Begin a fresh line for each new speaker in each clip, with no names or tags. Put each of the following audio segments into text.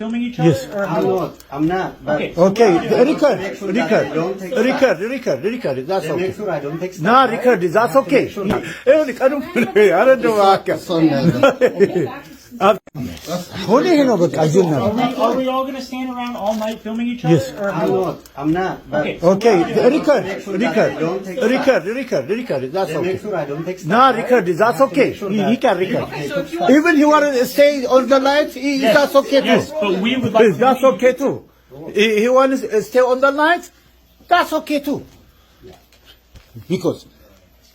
filming each Yes. other? Uh, or I'm
not. I'm not. But
Okay. Okay, record, sure record, don't take record, record, record, that's They make okay. sure I don't take stuff. No, right? record, that's okay. Make sure that- Evet, hanım. Hanım, hanım. Son nerede? Holi
Are we all gonna stand around all night filming each other?
Yes. Or-
I'm not. I'm not.
Okay. okay record record record record record that's okay make sure I don't take stuff. no right? record that's okay he, he can record even you want to uh, stay on the light he, that's okay too Yes,
but we would like.
to that's okay too he, he wants to uh, stay on the light that's okay too because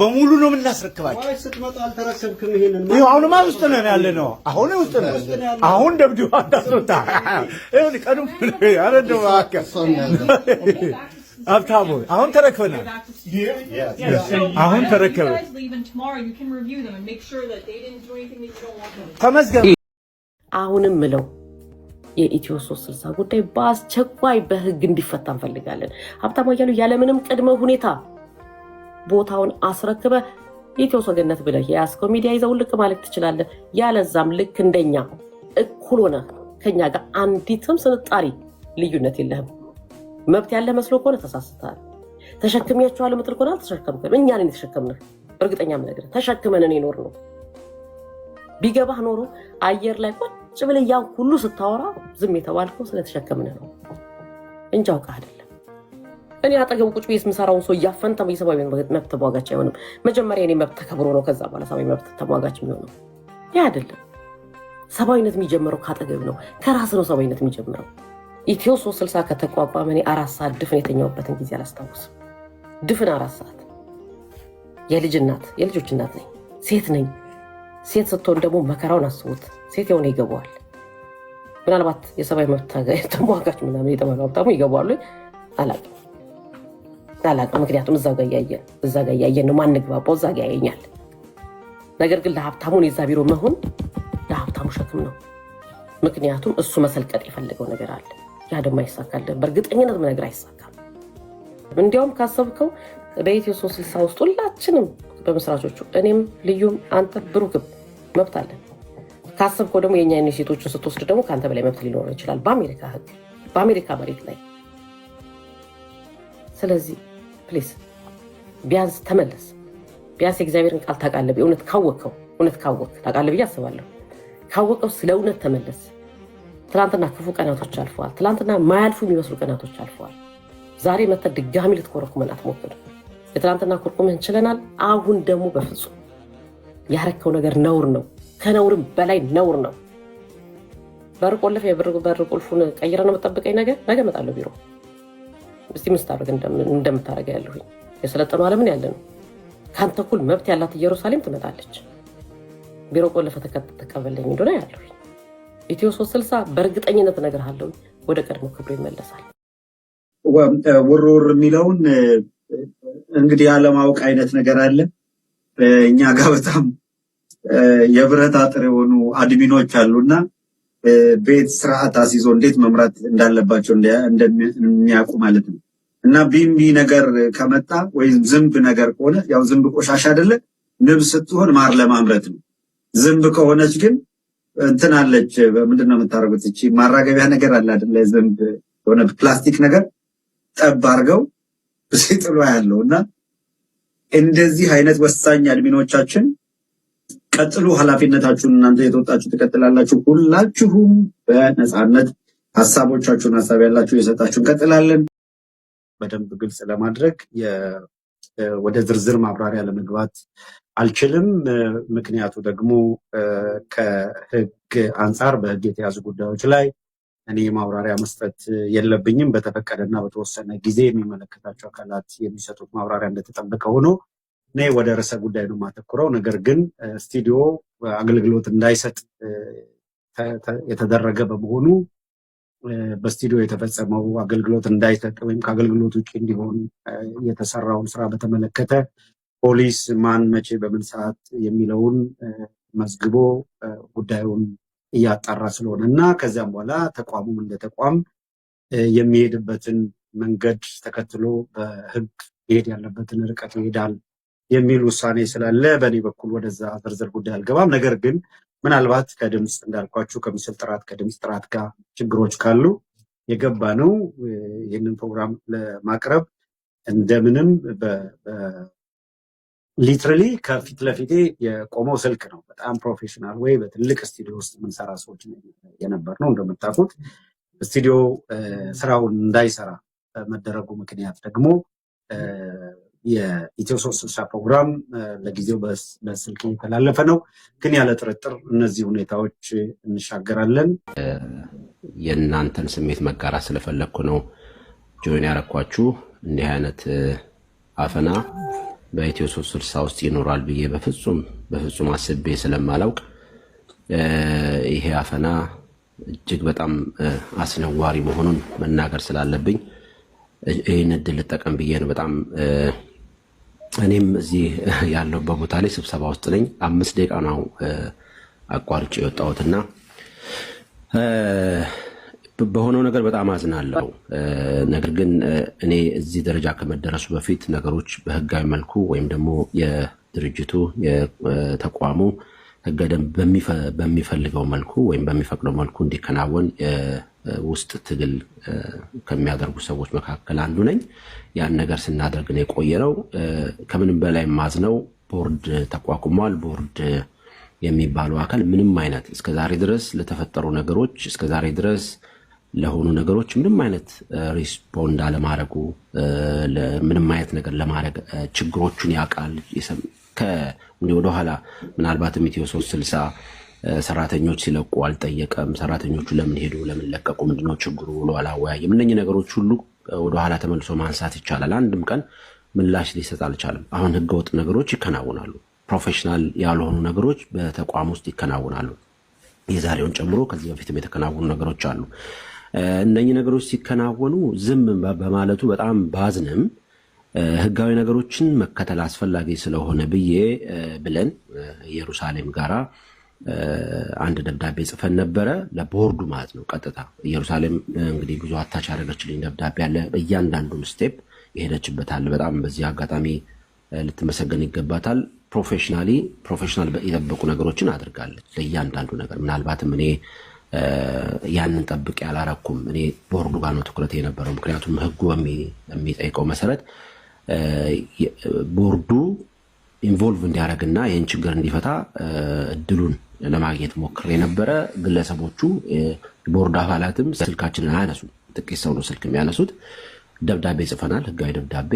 በሙሉ ነው የምናስረክባቸው። ስትመጣ አልተረከብክም። ይሄንን ይኸው አሁንማ ውስጥ ነን ያለ ነው። አሁን ውስጥ ነን። አሁን ደብድባ እንዳስወጣ ይሁን ቀኑ አረደው አብታቦ አሁን ተረክበናል። አሁን ተረከበ ተመዝገብ።
አሁንም ምለው የኢትዮ 360 ጉዳይ በአስቸኳይ በህግ እንዲፈታ እንፈልጋለን። ሀብታሙ እያሉ ያለምንም ቅድመ ሁኔታ ቦታውን አስረክበ ኢትዮ ሰገነት ብለህ የያዝከው ሚዲያ ይዘው ልቅ ማለት ትችላለህ። ያለዛም ልክ እንደኛ እኩል ሆነ ከኛ ጋር አንዲትም ስንጣሪ ልዩነት የለህም። መብት ያለ መስሎ ከሆነ ተሳስተሃል። ተሸክሚያችኋል ምጥል ከሆነ አልተሸከምክም። እኛ ነን የተሸከምንህ። እርግጠኛ ምነግርህ ተሸክመንን የኖር ነው። ቢገባህ ኖሮ አየር ላይ ቁጭ ብለህ ያን ሁሉ ስታወራ ዝም የተባልከው ስለተሸከምን ነው እንጂ አውቀህ አይደለም። እኔ አጠገቡ ቁጭ ቤት የምሰራውን ሰው እያፈንተ የሰብአዊ መብት ተሟጋች አይሆንም። መጀመሪያ እኔ መብት ተከብሮ ነው፣ ከዛ በኋላ ሰብአዊ መብት ተሟጋች የሚሆነው። ይህ አይደለም። ሰብአዊነት የሚጀምረው ከአጠገብ ነው፣ ከራስ ነው ሰብአዊነት የሚጀምረው። ኢትዮ ሶስት ስልሳ ከተቋቋመ እኔ አራት ሰዓት ድፍን የተኛውበትን ጊዜ አላስታውስም። ድፍን አራት ሰዓት የልጅ እናት የልጆች እናት ነኝ፣ ሴት ነኝ። ሴት ስትሆን ደግሞ መከራውን አስቡት። ሴት የሆነ ይገባዋል። ምናልባት የሰብአዊ መብት ተሟጋች ምናምን የተባሉ ይገባዋሉ አላውቅም። አላውቅም። ምክንያቱም እዛው ጋር እያየን እዛ ጋር እያየን ነው ማንግባባው፣ እዛ ጋር ያየኛል። ነገር ግን ለሀብታሙን የዛ ቢሮ መሆን ለሀብታሙ ሸክም ነው። ምክንያቱም እሱ መሰልቀጥ የፈለገው ነገር አለ። ያ ደግሞ አይሳካልም፣ በእርግጠኝነት ነገር አይሳካም። እንዲያውም ካሰብከው በኢትዮ ሶስት ስልሳ ውስጥ ሁላችንም በመስራቾቹ እኔም፣ ልዩም፣ አንተ ብሩክም መብት አለን። ካሰብከው ደግሞ የእኛ ሴቶችን ስትወስድ ደግሞ ከአንተ በላይ መብት ሊኖረው ይችላል በአሜሪካ ህግ፣ በአሜሪካ መሬት ላይ ስለዚህ ፕሊስ ቢያንስ ተመለስ። ቢያንስ የእግዚአብሔርን ቃል ታውቃለህ። እውነት ካወቅከው እውነት ካወቅ ታውቃለህ ብዬ አስባለሁ። ካወቀው ስለ እውነት ተመለስ። ትናንትና ክፉ ቀናቶች አልፈዋል። ትላንትና ማያልፉ የሚመስሉ ቀናቶች አልፈዋል። ዛሬ መተህ ድጋሚ ልትኮረኩመን አትሞክር። የትላንትና ኩርቁምህን ችለናል። አሁን ደግሞ በፍጹም ያረከው ነገር ነውር ነው፣ ከነውርም በላይ ነውር ነው። በር ቆልፍ፣ የበር ቁልፉን ቀይረ ነው የምጠብቀኝ። ነገ ነገ እመጣለሁ ቢሮ እስቲ ምን ስታደርግ ያለሁኝ የሰለጠኑ አለምን ያለ ነው። ከአንተ እኩል መብት ያላት ኢየሩሳሌም ትመጣለች። ቢሮ ቆለፈ ተቀበለኝ እንደሆነ ያለሁኝ ኢትዮ ሶስት ስልሳ በእርግጠኝነት እነግርሃለሁ ወደ ቀድሞ ክብሩ ይመለሳል። ውርውር የሚለውን እንግዲህ ያለማወቅ አይነት ነገር አለ እኛ ጋር በጣም የብረት አጥር የሆኑ አድሚኖች አሉና ቤት ስርዓት አስይዞ እንዴት መምራት እንዳለባቸው እንደሚያውቁ ማለት ነው። እና ቢምቢ ነገር ከመጣ ወይም ዝንብ ነገር ከሆነ ያው ዝንብ ቆሻሻ አይደለ፣ ንብ ስትሆን ማር ለማምረት ነው። ዝንብ ከሆነች ግን እንትን አለች። ምንድን ነው የምታደርጉት? እቺ ማራገቢያ ነገር አለ አይደለ? ዝንብ የሆነ ፕላስቲክ ነገር ጠብ አድርገው ሲጥሉ ያለው እና እንደዚህ አይነት ወሳኝ አድሚኖቻችን ቀጥሉ፣ ኃላፊነታችሁን እናንተ የተወጣችሁ ትቀጥላላችሁ። ሁላችሁም በነፃነት ሀሳቦቻችሁን ሀሳብ ያላችሁ የሰጣችሁ እንቀጥላለን። በደንብ ግልጽ ለማድረግ ወደ ዝርዝር ማብራሪያ ለመግባት አልችልም። ምክንያቱ ደግሞ ከህግ አንጻር በህግ የተያዙ ጉዳዮች ላይ እኔ ማብራሪያ መስጠት የለብኝም። በተፈቀደና በተወሰነ ጊዜ የሚመለከታቸው አካላት የሚሰጡት ማብራሪያ እንደተጠበቀ ሆኖ እኔ ወደ ርዕሰ ጉዳይ ነው የማተኩረው። ነገር ግን ስቱዲዮ አገልግሎት እንዳይሰጥ የተደረገ በመሆኑ በስቱዲዮ የተፈጸመው አገልግሎት እንዳይሰጥ ወይም ከአገልግሎት ውጭ እንዲሆን የተሰራውን ስራ በተመለከተ ፖሊስ ማን፣ መቼ፣ በምን ሰዓት የሚለውን መዝግቦ ጉዳዩን እያጣራ ስለሆነ እና ከዚያም በኋላ ተቋሙም እንደ ተቋም የሚሄድበትን መንገድ ተከትሎ በሕግ ሄድ ያለበትን ርቀት ይሄዳል የሚል ውሳኔ ስላለ በእኔ በኩል ወደዛ ዝርዝር ጉዳይ አልገባም። ነገር ግን ምናልባት ከድምፅ እንዳልኳችሁ ከምስል ጥራት ከድምፅ ጥራት ጋር ችግሮች ካሉ የገባ ነው። ይህንን ፕሮግራም ለማቅረብ እንደምንም ሊትራሊ ከፊት ለፊቴ የቆመው ስልክ ነው። በጣም ፕሮፌሽናል ወይ በትልቅ ስቱዲዮ ውስጥ የምንሰራ ሰዎች የነበር ነው። እንደምታውቁት ስቱዲዮ ስራውን እንዳይሰራ በመደረጉ ምክንያት ደግሞ የኢትዮ ሶስት ስልሳ ፕሮግራም ለጊዜው በስልክ እየተላለፈ ነው፣ ግን ያለ ጥርጥር እነዚህ ሁኔታዎች እንሻገራለን። የእናንተን ስሜት መጋራት ስለፈለግኩ ነው ጆይን ያረኳችሁ። እንዲህ አይነት አፈና በኢትዮ ሶስት ስልሳ ውስጥ ይኖራል ብዬ በፍጹም በፍጹም አስቤ ስለማላውቅ ይሄ አፈና እጅግ በጣም አስነዋሪ መሆኑን መናገር ስላለብኝ ይህን እድል ልጠቀም ብዬ ነው በጣም እኔም እዚህ ያለሁበት ቦታ ላይ ስብሰባ ውስጥ ነኝ። አምስት ደቂቃ ነው አቋርጬ የወጣሁትና በሆነው ነገር በጣም አዝናለሁ። ነገር ግን እኔ እዚህ ደረጃ ከመደረሱ በፊት ነገሮች በህጋዊ መልኩ ወይም ደግሞ የድርጅቱ የተቋሙ ህገ ደንብ በሚፈልገው መልኩ ወይም በሚፈቅደው መልኩ እንዲከናወን ውስጥ ትግል ከሚያደርጉ ሰዎች መካከል አንዱ ነኝ። ያን ነገር ስናደርግ ነው የቆየ ነው። ከምንም በላይ ማዝነው ቦርድ ተቋቁሟል። ቦርድ የሚባለው አካል ምንም አይነት እስከዛሬ ድረስ ለተፈጠሩ ነገሮች እስከዛሬ ድረስ ለሆኑ ነገሮች ምንም አይነት ሪስፖንድ አለማድረጉ፣ ምንም አይነት ነገር ለማድረግ ችግሮቹን ያውቃል። ወደኋላ ምናልባትም ኢትዮ ሶስት ስልሳ ሰራተኞች ሲለቁ አልጠየቀም። ሰራተኞቹ ለምን ሄዱ፣ ለምን ለቀቁ፣ ምንድነው ችግሩ ብሎ አላወያየም። እነኚህ ነገሮች ሁሉ ወደኋላ ተመልሶ ማንሳት ይቻላል። አንድም ቀን ምላሽ ሊሰጥ አልቻለም። አሁን ህገወጥ ነገሮች ይከናውናሉ። ፕሮፌሽናል ያልሆኑ ነገሮች በተቋም ውስጥ ይከናውናሉ። የዛሬውን ጨምሮ ከዚህ በፊትም የተከናወኑ ነገሮች አሉ። እነኚህ ነገሮች ሲከናወኑ ዝም በማለቱ በጣም ባዝንም ህጋዊ ነገሮችን መከተል አስፈላጊ ስለሆነ ብዬ ብለን ኢየሩሳሌም ጋራ አንድ ደብዳቤ ጽፈን ነበረ ለቦርዱ ማለት ነው። ቀጥታ ኢየሩሳሌም እንግዲህ ጉዞ አታች ያደረገችልኝ ደብዳቤ አለ። እያንዳንዱን ስቴፕ የሄደችበታል። በጣም በዚህ አጋጣሚ ልትመሰገን ይገባታል። ፕሮፌሽናሊ ፕሮፌሽናል የጠበቁ ነገሮችን አድርጋለች ለእያንዳንዱ ነገር። ምናልባትም እኔ ያንን ጠብቄ አላረኩም። እኔ ቦርዱ ጋር ነው ትኩረት የነበረው፣ ምክንያቱም ህጉ የሚጠይቀው መሰረት ቦርዱ ኢንቮልቭ እንዲያደርግና ይህን ችግር እንዲፈታ እድሉን ለማግኘት ሞክሬ ነበረ። ግለሰቦቹ ቦርድ አባላትም ስልካችንን አያነሱም። ጥቂት ሰው ነው ስልክ የሚያነሱት። ደብዳቤ ጽፈናል፣ ህጋዊ ደብዳቤ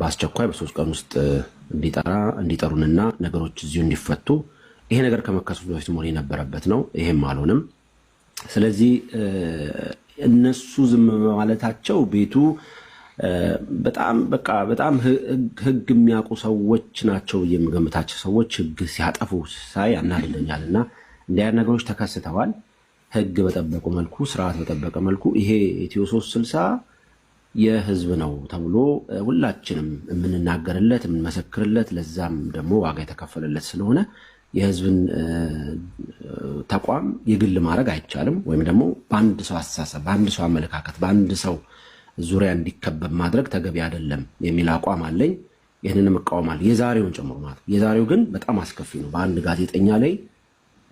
በአስቸኳይ በሶስት ቀን ውስጥ እንዲጠሩንና ነገሮች እዚሁ እንዲፈቱ። ይሄ ነገር ከመከሰቱ በፊት መሆን የነበረበት ነው። ይሄም አልሆነም። ስለዚህ እነሱ ዝም በማለታቸው ቤቱ በጣም በቃ በጣም ህግ የሚያውቁ ሰዎች ናቸው የምገምታቸው ሰዎች ህግ ሲያጠፉ ሳይ ያናድደኛል። እና እንዲያ ነገሮች ተከስተዋል። ህግ በጠበቁ መልኩ፣ ስርዓት በጠበቀ መልኩ ይሄ ኢትዮ ሶስት ስልሳ የህዝብ ነው ተብሎ ሁላችንም የምንናገርለት የምንመሰክርለት ለዛም ደግሞ ዋጋ የተከፈለለት ስለሆነ የህዝብን ተቋም የግል ማድረግ አይቻልም። ወይም ደግሞ በአንድ ሰው አስተሳሰብ፣ በአንድ ሰው አመለካከት፣ በአንድ ሰው ዙሪያ እንዲከበብ ማድረግ ተገቢ አይደለም የሚል አቋም አለኝ። ይህንንም እቃወማለሁ፣ የዛሬውን ጨምሮ ማለት። የዛሬው ግን በጣም አስከፊ ነው። በአንድ ጋዜጠኛ ላይ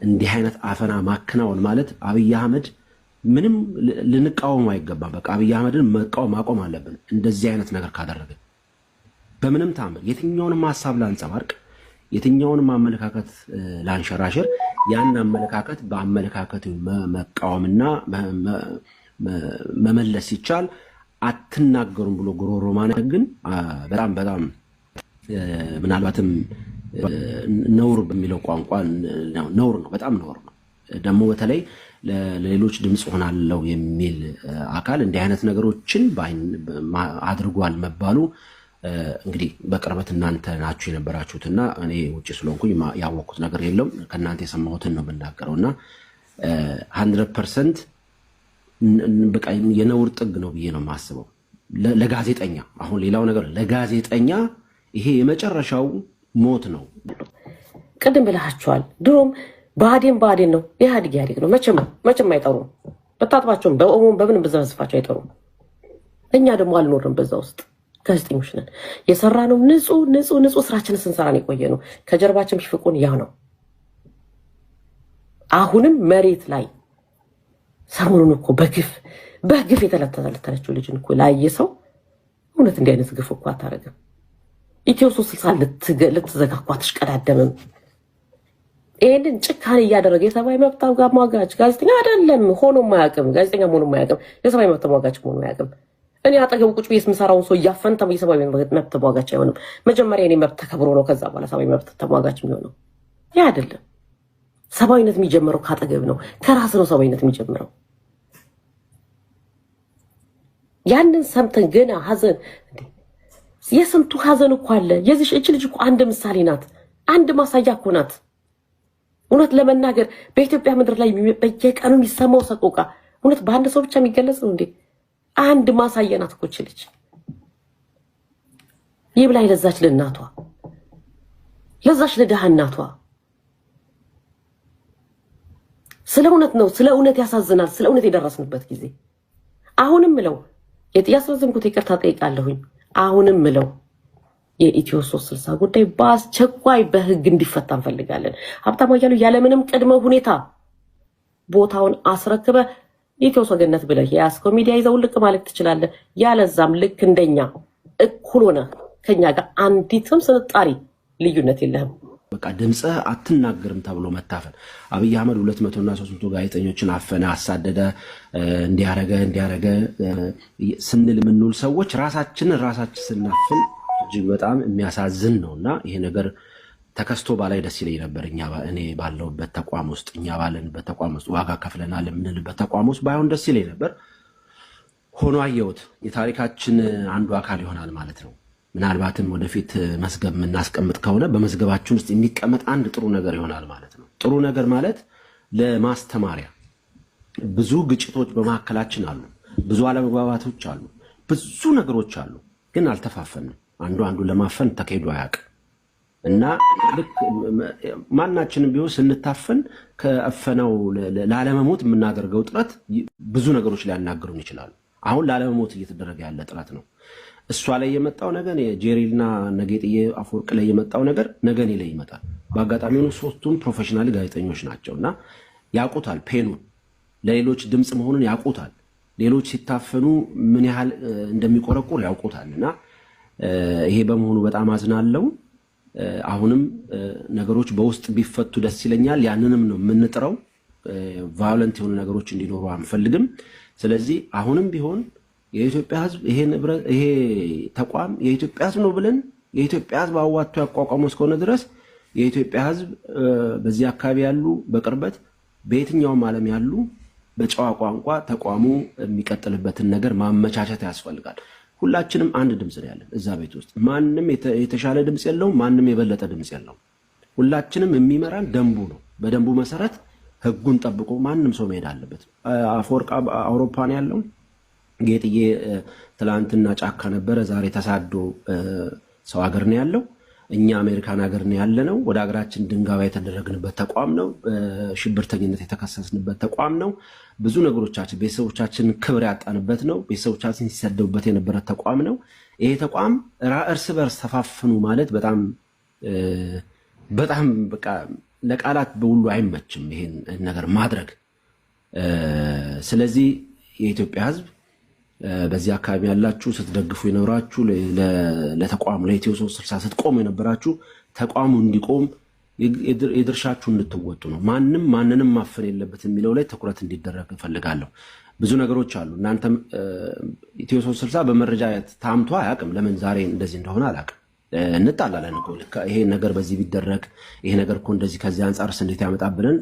እንዲህ አይነት አፈና ማከናወን ማለት አብይ አህመድ ምንም ልንቃወሙ አይገባም። በቃ አብይ አህመድን መቃወም ማቆም አለብን። እንደዚህ አይነት ነገር ካደረገ በምንም ታምር የትኛውንም ሀሳብ ላንጸባርቅ፣ የትኛውንም አመለካከት ላንሸራሽር፣ ያን አመለካከት በአመለካከቱ መቃወምና መመለስ ሲቻል አትናገሩም ብሎ ጉሮሮ ማነት ግን በጣም በጣም ምናልባትም ነውር በሚለው ቋንቋ ነውር ነው፣ በጣም ነውር ነው። ደግሞ በተለይ ለሌሎች ድምፅ ሆናለው የሚል አካል እንዲህ አይነት ነገሮችን አድርጓል መባሉ እንግዲህ በቅርበት እናንተ ናችሁ የነበራችሁት እና እኔ ውጭ ስለሆንኩኝ ያወቅኩት ነገር የለም። ከእናንተ የሰማሁትን ነው የምናገረው እና ሀንድረድ ፐርሰንት በቃ የነውር ጥግ ነው ብዬ ነው የማስበው። ለጋዜጠኛ አሁን ሌላው ነገር ለጋዜጠኛ ይሄ የመጨረሻው ሞት ነው። ቅድም ብልሃቸዋል። ድሮም ብአዴን ብአዴን ነው፣ ኢህአዴግ ኢህአዴግ ነው። መቼም መቼም አይጠሩም። በታጥባቸውም በኦሞም በምንም ብዛ አይጠሩም። እኛ ደግሞ አልኖርም በዛ ውስጥ ጋዜጠኞች ነን። የሰራ ነው ንጹህ ንጹህ ንጹህ ስራችን ስንሰራን የቆየ ነው። ከጀርባችን ሽፍቁን ያ ነው። አሁንም መሬት ላይ ሰሞኑን እኮ በግፍ በግፍ የተለተለተለችው ልጅን እኮ ላየ ሰው እውነት እንዲህ አይነት ግፍ እኮ አታረግም። ኢትዮ ሶስት ስልሳ ልትዘጋ እኮ አትሽቀዳደምም። ይህንን ጭካኔ እያደረገ የሰብአዊ መብት አሟጋች ጋዜጠኛ አይደለም ሆኖ አያውቅም። ጋዜጠኛ ሆኖ አያውቅም። የሰብአዊ መብት አሟጋች ሆኖ አያውቅም። እኔ አጠገቡ ቁጭ ቤት የምሰራውን ሰው እያፈንተ የሰብአዊ መብት ተሟጋች አይሆንም። መጀመሪያ እኔ መብት ተከብሮ ነው ከዛ በኋላ ሰብአዊ መብት ተሟጋች የሚሆነው። ይህ አይደለም ሰብአዊነት የሚጀምረው ከአጠገብ ነው፣ ከራስ ነው ሰብአዊነት የሚጀምረው። ያንን ሰምተን ገና ሀዘን የስንቱ ሀዘን እኮ አለ። የዚች እች ልጅ እኮ አንድ ምሳሌ ናት፣ አንድ ማሳያ እኮ ናት። እውነት ለመናገር በኢትዮጵያ ምድር ላይ በየቀኑ የሚሰማው ሰቆቃ እውነት በአንድ ሰው ብቻ የሚገለጽ ነው እንዴ? አንድ ማሳያ ናት እኮ እች ልጅ። ይብላኝ ለዛች ለእናቷ ለዛች ለድሃ እናቷ። ስለ እውነት ነው፣ ስለ እውነት ያሳዝናል። ስለ እውነት የደረስንበት ጊዜ አሁንም ምለው ያስረዘምኩት ይቅርታ ጠይቃለሁኝ። አሁንም ምለው የኢትዮ ሶስት ስልሳ ጉዳይ በአስቸኳይ በህግ እንዲፈታ እንፈልጋለን። ሀብታሙ አያሌው ያለምንም ቅድመ ሁኔታ ቦታውን አስረክበ የኢትዮ ሰገነት ብለ የያዝከው ሚዲያ ይዘው ልቅ ማለት ትችላለ። ያለዛም ልክ እንደኛ እኩል ሆነ ከኛ ጋር አንዲትም ስንጣሪ ልዩነት የለህም። በቃ ድምፀ አትናገርም ተብሎ መታፈን። አብይ አህመድ ሁለት መቶና ሶስት መቶ ጋዜጠኞችን አፈነ፣ አሳደደ፣ እንዲያረገ እንዲያረገ ስንል የምንውል ሰዎች ራሳችንን ራሳችን ስናፍን እጅግ በጣም የሚያሳዝን ነው እና ይሄ ነገር ተከስቶ ባላይ ደስ ይለኝ ነበር። እኔ ባለውበት ተቋም ውስጥ እኛ ባለንበት ተቋም ውስጥ ዋጋ ከፍለናል የምንልበት ተቋም ውስጥ ባይሆን ደስ ይለኝ ነበር። ሆኖ አየሁት። የታሪካችን አንዱ አካል ይሆናል ማለት ነው። ምናልባትም ወደፊት መዝገብ የምናስቀምጥ ከሆነ በመዝገባችን ውስጥ የሚቀመጥ አንድ ጥሩ ነገር ይሆናል ማለት ነው። ጥሩ ነገር ማለት ለማስተማሪያ ብዙ ግጭቶች በመካከላችን አሉ፣ ብዙ አለመግባባቶች አሉ፣ ብዙ ነገሮች አሉ። ግን አልተፋፈንም። አንዱ አንዱ ለማፈን ተካሂዶ አያውቅም እና ልክ ማናችንም ቢሆን ስንታፈን ከፈነው ላለመሞት የምናደርገው ጥረት ብዙ ነገሮች ሊያናግሩን ይችላሉ። አሁን ላለመሞት እየተደረገ ያለ ጥረት ነው። እሷ ላይ የመጣው ነገር ጄሪልና ነጌጥዬ አፈወርቅ ላይ የመጣው ነገር ነገኔ ላይ ይመጣል። በአጋጣሚ ሆኖ ሶስቱም ፕሮፌሽናል ጋዜጠኞች ናቸው እና ያውቁታል፣ ፔኑን ለሌሎች ድምፅ መሆኑን ያውቁታል። ሌሎች ሲታፈኑ ምን ያህል እንደሚቆረቁር ያውቁታል። እና ይሄ በመሆኑ በጣም አዝናለው። አሁንም ነገሮች በውስጥ ቢፈቱ ደስ ይለኛል። ያንንም ነው የምንጥረው። ቫዮለንት የሆኑ ነገሮች እንዲኖሩ አንፈልግም። ስለዚህ አሁንም ቢሆን የኢትዮጵያ ህዝብ ይሄ ተቋም የኢትዮጵያ ህዝብ ነው ብለን የኢትዮጵያ ህዝብ አዋጥቶ ያቋቋመው እስከሆነ ድረስ የኢትዮጵያ ህዝብ በዚህ አካባቢ ያሉ በቅርበት በየትኛውም ዓለም ያሉ በጨዋ ቋንቋ ተቋሙ የሚቀጥልበትን ነገር ማመቻቸት ያስፈልጋል። ሁላችንም አንድ ድምፅ ነው ያለን እዛ ቤት ውስጥ። ማንም የተሻለ ድምፅ የለውም። ማንም የበለጠ ድምፅ የለውም። ሁላችንም የሚመራን ደንቡ ነው። በደንቡ መሰረት ህጉን ጠብቆ ማንም ሰው መሄድ አለበት። አፈወርቅ አውሮፓ ነው ያለው። ጌጥዬ ትላንትና ጫካ ነበረ፣ ዛሬ ተሳዶ ሰው ሀገር ነው ያለው። እኛ አሜሪካን ሀገር ነው ያለ ነው። ወደ ሀገራችን ድንጋባ የተደረግንበት ተቋም ነው። ሽብርተኝነት የተከሰስንበት ተቋም ነው። ብዙ ነገሮቻችን ቤተሰቦቻችንን ክብር ያጣንበት ነው። ቤተሰቦቻችን ሲሰደቡበት የነበረ ተቋም ነው። ይሄ ተቋም እርስ በርስ ተፋፍኑ ማለት በጣም በጣም በቃ ለቃላት በሁሉ አይመችም ይሄን ነገር ማድረግ። ስለዚህ የኢትዮጵያ ሕዝብ በዚህ አካባቢ ያላችሁ ስትደግፉ የኖራችሁ ለተቋሙ ለኢትዮ ሶስት ስልሳ ስትቆሙ የነበራችሁ ተቋሙ እንዲቆም የድርሻችሁ እንድትወጡ ነው። ማንም ማንንም ማፈን የለበት የሚለው ላይ ትኩረት እንዲደረግ እፈልጋለሁ። ብዙ ነገሮች አሉ። እናንተም ኢትዮ ሶስት ስልሳ በመረጃ ታምቶ አያውቅም። ለምን ዛሬ እንደዚህ እንደሆነ አላውቅም። እንጣላለን እኮ ይሄ ነገር በዚህ ቢደረግ ይሄ ነገር እኮ እንደዚህ ከዚህ አንጻር እንዴት ያመጣብንን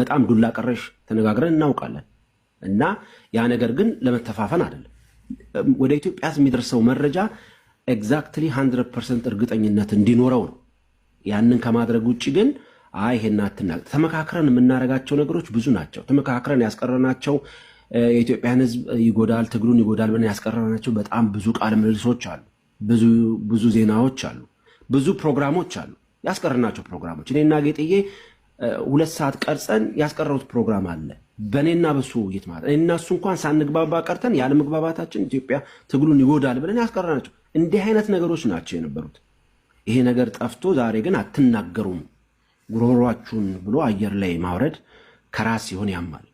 በጣም ዱላ ቀረሽ ተነጋግረን እናውቃለን። እና ያ ነገር ግን ለመተፋፈን አይደለም። ወደ ኢትዮጵያ የሚደርሰው መረጃ ኤግዛክትሊ 100 ፐርሰንት እርግጠኝነት እንዲኖረው ነው። ያንን ከማድረግ ውጭ ግን አይ ይሄን ተመካክረን የምናደርጋቸው ነገሮች ብዙ ናቸው። ተመካክረን ያስቀረናቸው የኢትዮጵያን ሕዝብ ይጎዳል፣ ትግሉን ይጎዳል ብለን ያስቀረናቸው በጣም ብዙ ቃለ ምልልሶች አሉ፣ ብዙ ዜናዎች አሉ፣ ብዙ ፕሮግራሞች አሉ። ያስቀረናቸው ፕሮግራሞች እኔና ጌጥዬ ሁለት ሰዓት ቀርጸን ያስቀረሩት ፕሮግራም አለ። በእኔና በሱ ውይይት ማለት እኔና እሱ እንኳን ሳንግባባ ቀርተን ያለ ኢትዮጵያ ትግሉን ይጎዳል ብለን ናቸው። እንዲህ አይነት ነገሮች ናቸው የነበሩት። ይሄ ነገር ጠፍቶ ዛሬ ግን አትናገሩም ጉሮሯችሁን ብሎ አየር ላይ ማውረድ ከራስ ሲሆን ያማል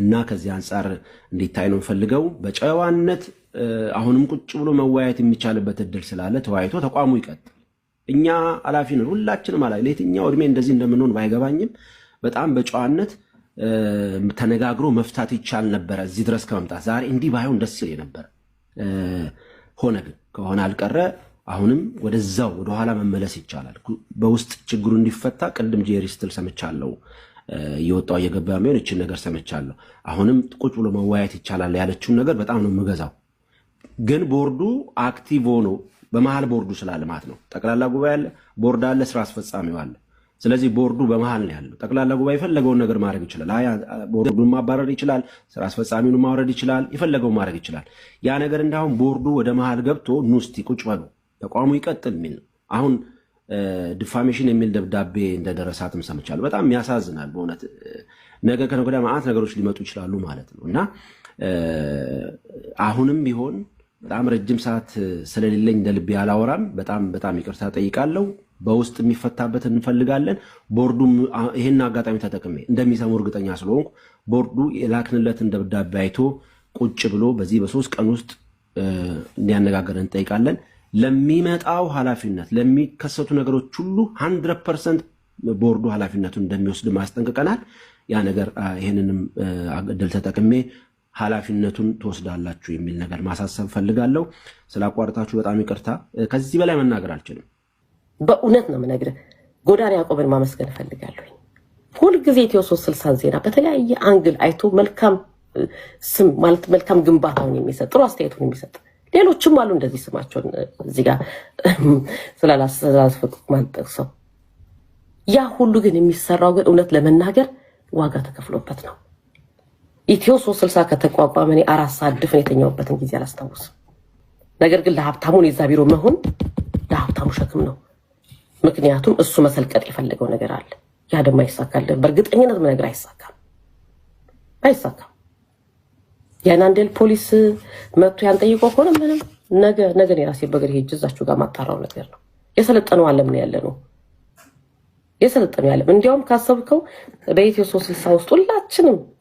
እና ከዚህ አንጻር እንዲታይ ነው ፈልገው በጨዋነት አሁንም ቁጭ ብሎ መወያየት የሚቻልበት እድል ስላለ ተወያይቶ ተቋሙ ይቀጥል። እኛ ኃላፊ ነን ሁላችንም። ለየትኛው እድሜ እንደዚህ እንደምንሆን ባይገባኝም በጣም በጨዋነት ተነጋግሮ መፍታት ይቻል ነበረ እዚህ ድረስ ከመምጣት። ዛሬ እንዲህ ባይሆን ደስ ይል ነበረ። ሆነ ግን ከሆነ አልቀረ አሁንም ወደዛው ወደኋላ መመለስ ይቻላል። በውስጥ ችግሩ እንዲፈታ ቅድም ጄሪ ስትል ሰምቻለሁ። እየወጣው እየገባ የሚሆን እችን ነገር ሰምቻለሁ። አሁንም ቁጭ ብሎ መወያየት ይቻላል ያለችውን ነገር በጣም ነው የምገዛው። ግን ቦርዱ አክቲቭ ሆኖ በመሀል ቦርዱ ስላለ ማለት ነው ጠቅላላ ጉባኤ አለ፣ ቦርድ አለ፣ ስራ አስፈጻሚው አለ። ስለዚህ ቦርዱ በመሀል ነው ያለው። ጠቅላላ ጉባኤ የፈለገውን ነገር ማድረግ ይችላል። ቦርዱን ማባረር ይችላል። ስራ አስፈጻሚውን ማውረድ ይችላል። የፈለገውን ማድረግ ይችላል። ያ ነገር እንዳሁን ቦርዱ ወደ መሀል ገብቶ ኑስቲ ቁጭ በሉ ተቋሙ ይቀጥል የሚል ነው። አሁን ዲፋሜሽን የሚል ደብዳቤ እንደደረሳትም ሰምቻለሁ። በጣም ያሳዝናል በእውነት ነገ ከነገ ወዲያ መዓት ነገሮች ሊመጡ ይችላሉ ማለት ነው እና አሁንም ቢሆን በጣም ረጅም ሰዓት ስለሌለኝ ልቤ አላወራም። በጣም በጣም ይቅርታ ጠይቃለሁ። በውስጥ የሚፈታበት እንፈልጋለን። ቦርዱ ይህን አጋጣሚ ተጠቅሜ እንደሚሰሙ እርግጠኛ ስለሆንኩ ቦርዱ የላክንለትን ደብዳቤ አይቶ ቁጭ ብሎ በዚህ በሶስት ቀን ውስጥ እንዲያነጋገረን እንጠይቃለን። ለሚመጣው ኃላፊነት ለሚከሰቱ ነገሮች ሁሉ ሀንድረድ ፐርሰንት ቦርዱ ኃላፊነቱን እንደሚወስድ ማስጠንቅቀናል። ያ ነገር ይህንንም እድል ተጠቅሜ ኃላፊነቱን ትወስዳላችሁ የሚል ነገር ማሳሰብ ፈልጋለሁ። ስላቋርጣችሁ በጣም ይቅርታ። ከዚህ በላይ መናገር አልችልም። በእውነት ነው የምነግርህ። ጎዳና ያዕቆብን ማመስገን እፈልጋለሁ። ሁልጊዜ ኢትዮ ሶስት ስልሳን ዜና በተለያየ አንግል አይቶ መልካም ስም ማለት መልካም ግንባታውን የሚሰጥ ጥሩ አስተያየቱን የሚሰጥ ሌሎችም አሉ እንደዚህ ስማቸውን እዚህ ጋር ማንጠቅ ሰው ያ ሁሉ ግን የሚሰራው ግን እውነት ለመናገር ዋጋ ተከፍሎበት ነው። ኢትዮ ሶስት ስልሳ ከተቋቋመ እኔ አራት ሰዓት ድፍን የተኛውበትን ጊዜ አላስታውስም። ነገር ግን ለሀብታሙን የዛ ቢሮ መሆን ለሀብታሙ ሸክም ነው። ምክንያቱም እሱ መሰልቀጥ የፈለገው ነገር አለ። ያ ደግሞ አይሳካል። በእርግጠኝነት ምነግር አይሳካም፣ አይሳካም። የናንዴል ፖሊስ መጥቶ ያን ጠይቆ ከሆነ ምንም ነገ ነገን የራሴ በእግር ሄጅ እዛችሁ ጋር ማጣራው ነገር ነው። የሰለጠነው ዓለም ነው ያለ ነው የሰለጠነው ያለም። እንዲያውም ካሰብከው በኢትዮ ሶስት ስልሳ ውስጥ ሁላችንም